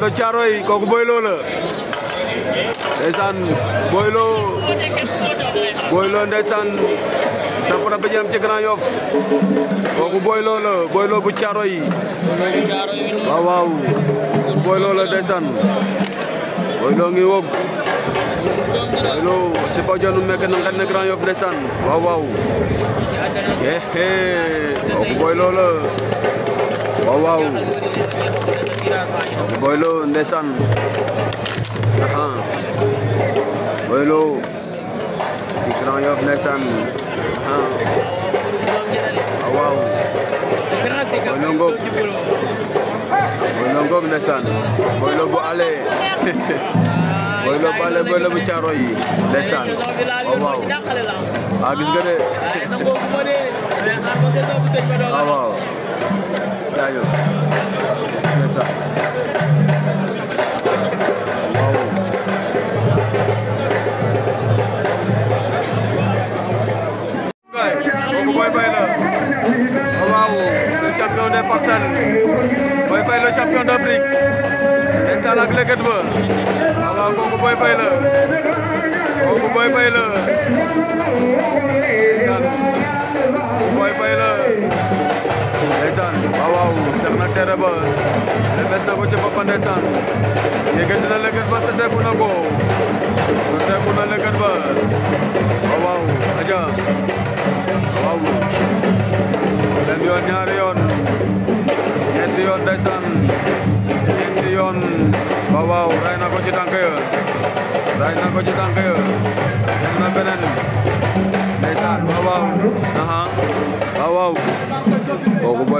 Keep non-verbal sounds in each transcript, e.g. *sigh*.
Fondé Thiaroye kooku Boy Lo la ndeysaan Boy Lo Boy Lo ndeysaan tapara ba jëm ci Grand Yoff kooku Boy Lo la Boy Lo bu Thiaroye waaw waaw Boy la ndeysaan Boy Lo ngi wog Boy Lo la waaw Boy Lo ndeysaan aha Boy Lo ci Grand Yoff ndeysaan ah, Boy Lo ngoog Boy Boy Lo bu ale *laughs* Boy Lo bu ale Boy Lo bu caaro yi ndeysaan ah, *laughs* jaajëf ndeysaan waaw kooku Boy champion des parcelles Boy Faye le champion d'Afrique ndeysaan ak lëkkët ba waaw Boy Boy Boy Desan, wow, sangat terrible. Lepas tu macam apa Desan? Ia lekat bas sedap pun aku. Sedap pun lekat bas. Wow, aja. Wow. Lebih nyari on. Henti on Desan. Henti on. Wow, Raina kau cintang ke? Eh. Raina kau cintang eh.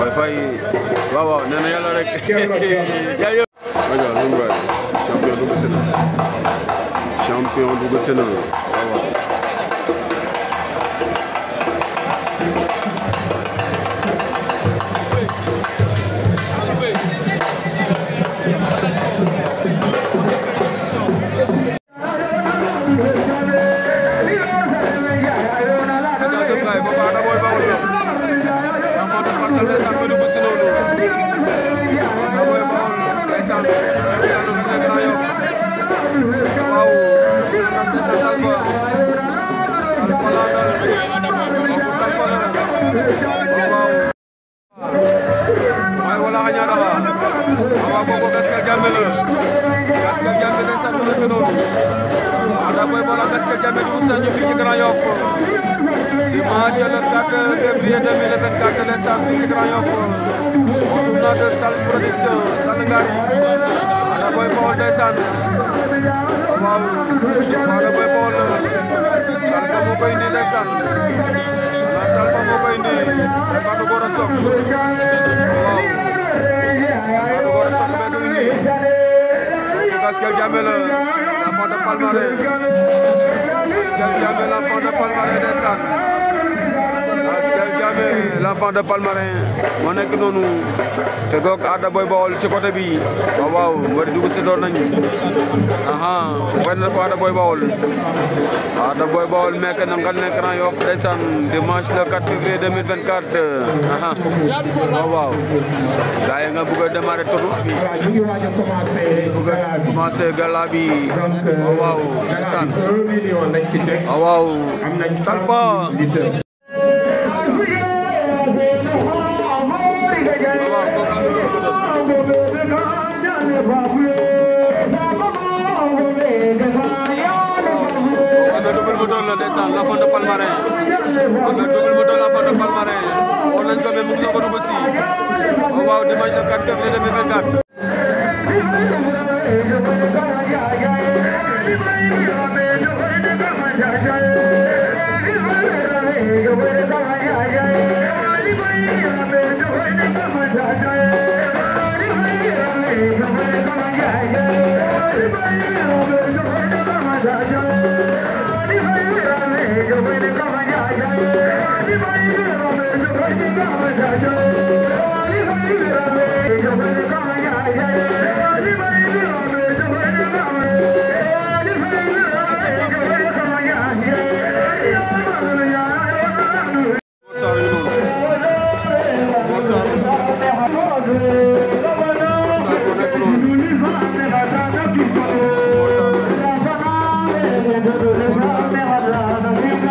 Wi-Fi. Waaw waaw nee na yàlla rek. jaajëf. waaw waaw Champion dugg sena. Champion dugg sena. ay wala ada boy bola ada boy ada boy Pascal Diamé la l'enfant de Palmarin Pascal Diamé l'enfant de Palmarin ndeysaan Diame l'enfant de Palmarin moo nekk noonu te goog Ada Boy Baol ci côté bi waaw waaw mbari door nañ aha wen na ko Ada Boy Baol Ada Boy Baol mekk na nga nekk Grand Yoff ndeysaan dimanche le 4 février 2024 aha waaw waaw gaa yi nga bëgg a démarrer tournoi bi bëgg a commencé gala bi waaw waaw ndeysaan waaw moto ndeysaan Lafonde Palmarin am na double moto Lafonde Palmarin war nañ ko mais mu ngi soog a dugg si waaw waaw dimanche le 4 février 2024 Yeah. مه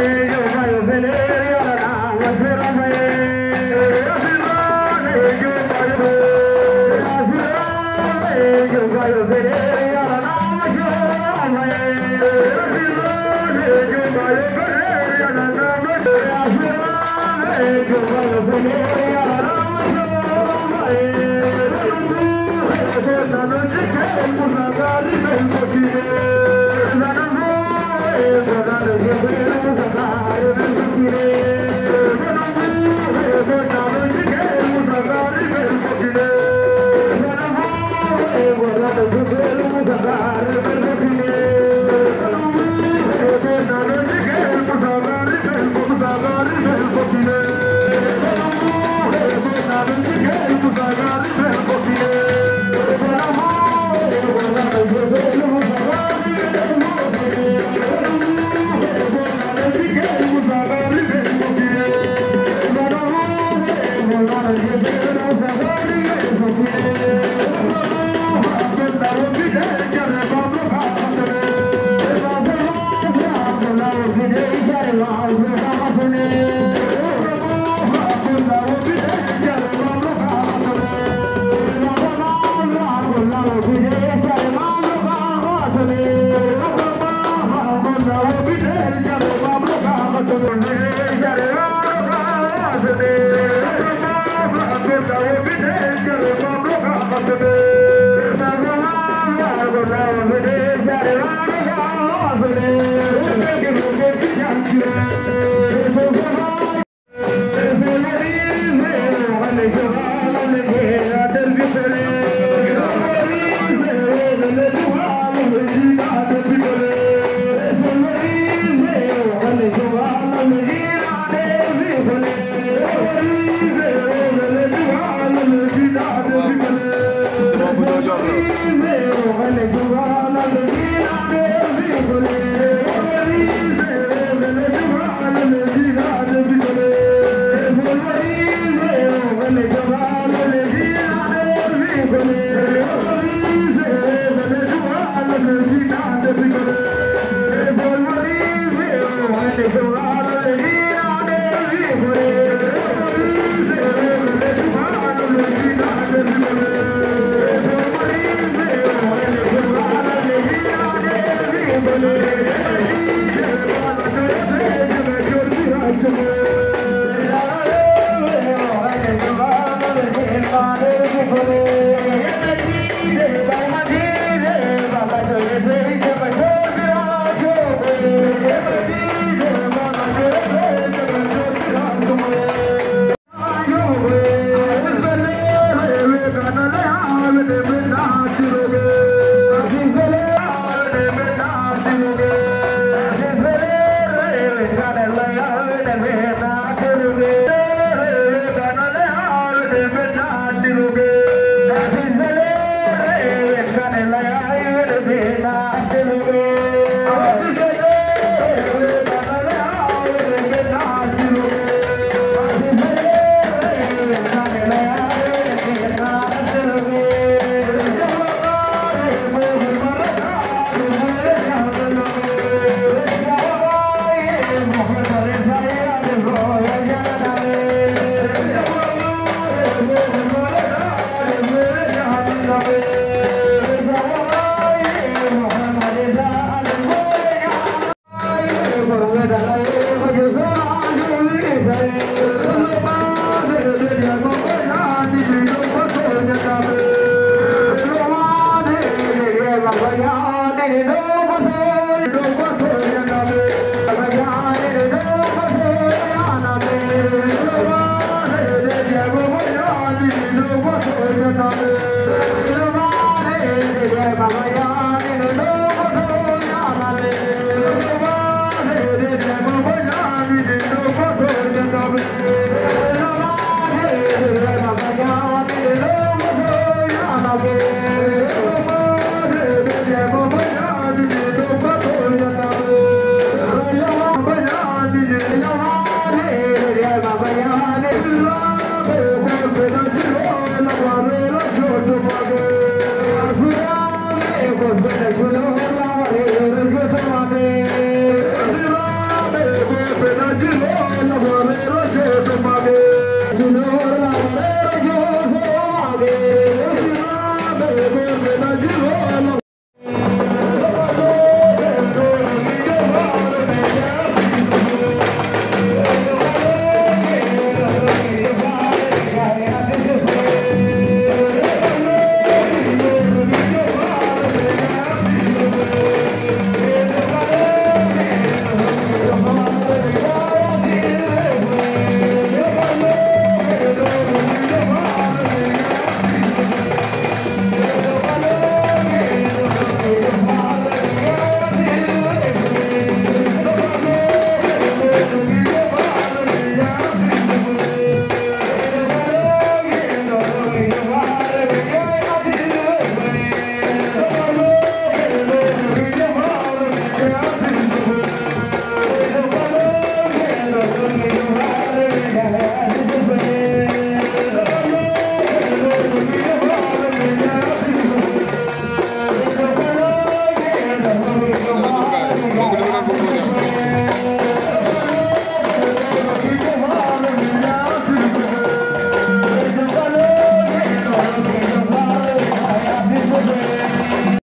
जॻायो फेराम जो गायो फेराम जो मेर Hare